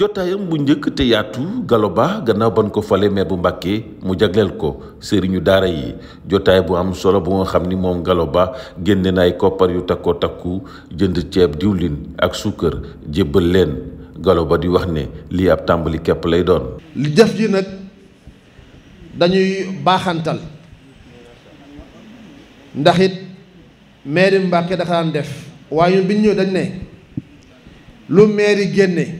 jotayam bu njëkk te yaatu galoba Ba gannaaw ban ko fale maire bu Mbàkke mu jagleel ko sëriñu daara yi jotaay bu am solo bu nga xam ni moom Gallo Ba génne na koppar yu takkoo takku jënd ceeb diwlin ak suukar jébbal leen galoba di wax ne lii ab tàmbali képp lay doon li def ji nag dañuy baaxantal ndax it maire Mbàkke dafa daan def waaye ñun bi ñu ñëw dañ ne lu maire yi génne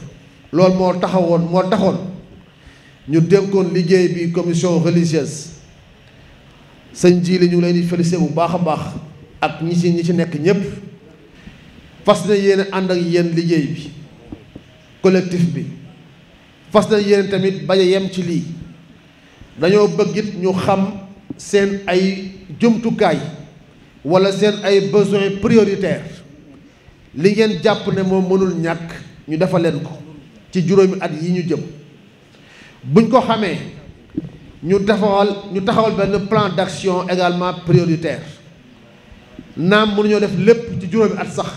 loolu moo taxawoon moo taxoon ñu dénkoon liggéey bi commission religieuse sëñ ji li ñu leen di félicité bu baax a baax ak ñi ci ñi ci nekk ñépp fas na yéen ànd ak yéen liggéey bi collectif bi fas na yéen tamit bañ yem ci lii dañoo bëgg it ñu xam seen ay jumtukaay wala seen ay besoins prioritaires li ngeen jàpp ne moom mënul ñàkk ñu defal leen ko ci juróomi at yi ñu jëm buñ ko xamee ñu taxawal ñu taxawal benn plan d'action également prioritaire naam ñoo def lépp ci juróomi at sax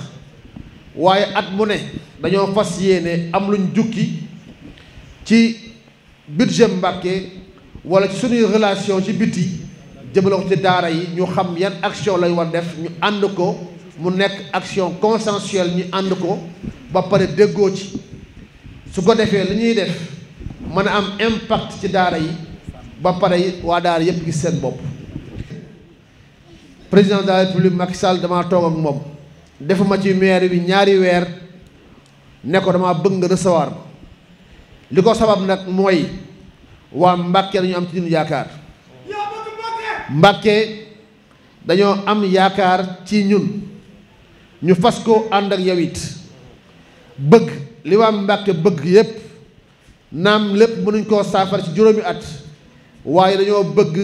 waaye at mu ne dañoo fas yéene am luñ jukki ci budget Mbàkke wala ci suñuy relation ci biti jëmale ko ci daara yi ñu xam yan action lay war def ñu ànd ko mu nekk action consensuelle ñu ànd ko ba pare déggoo ci su ko defé li ñuy def mëna am impact ci daara yi ba paré wa daara yépp gis seen bopp président de la république Macky Sall damaa toog ak mom defuma ci maire bi ñaari weer ne ko dama bëng nga recevoir liko sabab nak moy wa mbacké dañu am ci ñun yaakar mbacké dañu am yaakar ci ñun ñu fas ko and ak yawit bëgg li waa Mbàkke bëgg yépp naam lépp mënuñ koo saafara ci juróomi at waaye dañoo bëgg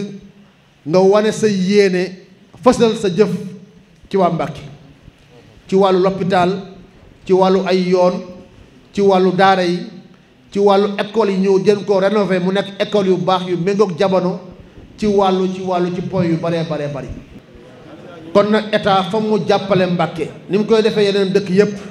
nga wane sa yéene fësal sa jëf ci waa Mbàkke ci wàllu lopitaal ci wàllu ay yoon ci wàllu daara yi ci wàllu école yi ñëw jën koo rénover mu nekk école yu baax yu méngoog jamono ci wàllu ci wàllu ci point yu baree bare bari kon nag état fa mu jàppale Mbàkke ni mu koy defee yeneen dëkk yépp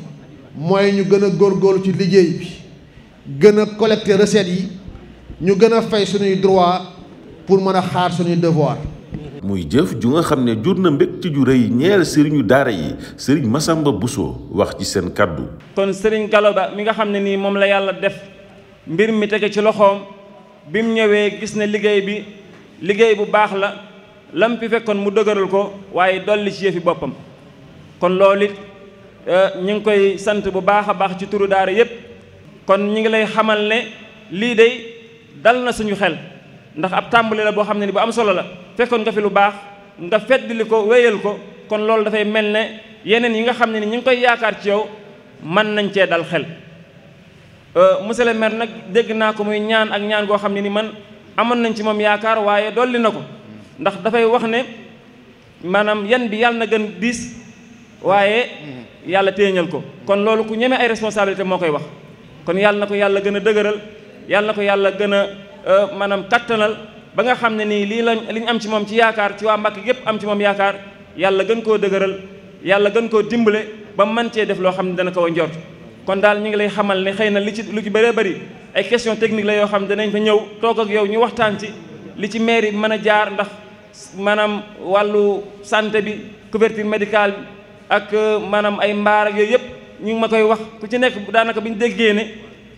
mooy ñu gën a góorgóorlu ci liggéey bi gën a collecter recettes yi ñu gën a fay suñuy droit pour mën a xaar suñuy devoir muy jëf ju nga xam ne jur na mbégte ju rëy ñeel sëriñu daara yi sëriñ Massamba Bousso wax ci seen kàddu kon sëriñ Gallo Ba mi nga xam ne nii moom la yàlla def mbir mi tege ci loxoom bi mu ñëwee gis na liggéey bi liggéey bu baax la lam fi mu dëgëral ko waaye dolli ci yëfi boppam kon loolu it Euh, ñu ngi koy sant bu baax a baax ci turu daara yépp kon ñu ngi lay xamal ne lii de dal na suñu xel ndax ab tàmbali la boo xam ne ni bu am solo la fekkoon nga fi lu baax nga feddli ko wéyal ko kon loolu dafay mel ne yeneen yi nga xam ne ni ñu ngi koy yaakaar ci yow mën nañ cee dal xel euh, monsieur le maire nag dégg naa ko muy ñaan ak ñaan goo xam ne ni man amoon nañ ci moom yaakaar waaye dolli na ko ndax dafay wax ne maanaam yan bi yàlla na gën diis waaye mhm. yàlla téeñal ko kon loolu ku ñeme ay responsabilité moo koy wax kon yàlla na ko yàlla gën a dëgëral yàlla na ko yàlla gën a euh, maanaam kattanal ba nga xam ne nii lii lañ li ñu am ci moom ci yaakaar ci waa Mbàkke yépp am ci moom yaakaar yàlla gën koo dëgëral yàlla gën koo dimbale ba mën cee def loo xam ne dana ko njort kon daal ñu ngi lay xamal ne xëy na li ci lu ci bëree bëri ay question technique la yoo xam ne danañ fa ñëw toog ak yow ñu waxtaan ci li ci mairie bi mën a jaar ndax maanaam wàllu santé bi couverture médicale bi ak manam ay mbar ak yooyu ñu ma koy wax ku ci nek daanaka bi ñu déggee ne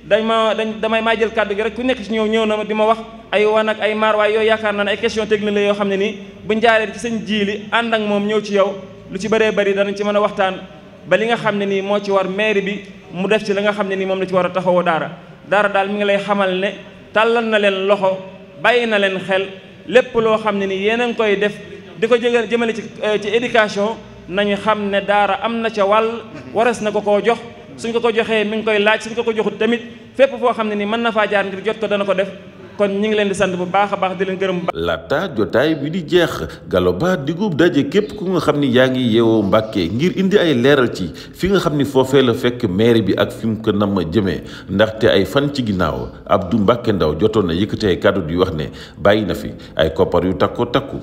dañ ma dañ damay ma jël kaddu gi rek ku nek ci ñew ñew na ma di wax ay wan ak ay mar way yo yaakaar naa ay question technique la yo xam ni buñ jaaré ci seen jiili and ak mom ñew ci yow lu ci bëree bëri dañ ci mëna waxtaan ba li nga xam ni mo ci war maire bi mu def ci la nga xam ni mom la ci wara taxawu dara dara dal mi ngi lay xamal né talal na len loxo bayina len xel lepp lo xam ni nii ngoy def diko jëgal jëmale ci euh, ci éducation nañu xam ne daara am na ca wàll waras na ko ko jox suñ ko ko joxee mi ngi koy laaj suñ ko ko joxut tamit fépp foo xam ne nii mën na faa jaar ngir jot ko dana ko def kon ñu ngi leen di sant bu baax a baax di leen gërëm bu baax. laata jotaay bi di jeex galo Ba digub daje képp ku nga xam ni yaa ngi yeewoo Mbàkke ngir indi ay leeral ci fi nga xam ni foofee la fekk maire bi ak fi mu ko nam a jëmee ndaxte ay fan ci ginnaaw Abdou Mbàkke Ndaw jotoon na yëkkatee kàddu di wax ne bàyyi na fi ay koppar yu takko takku.